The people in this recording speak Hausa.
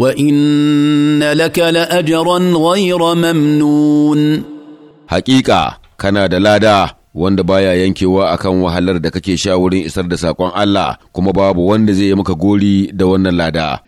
وإن لك لأجرا Mamnun? Haƙiƙa, kana da lada wanda baya yankewa akan wahalar da kake sha wurin isar da saƙon Allah kuma babu wanda zai yi maka gori da wannan lada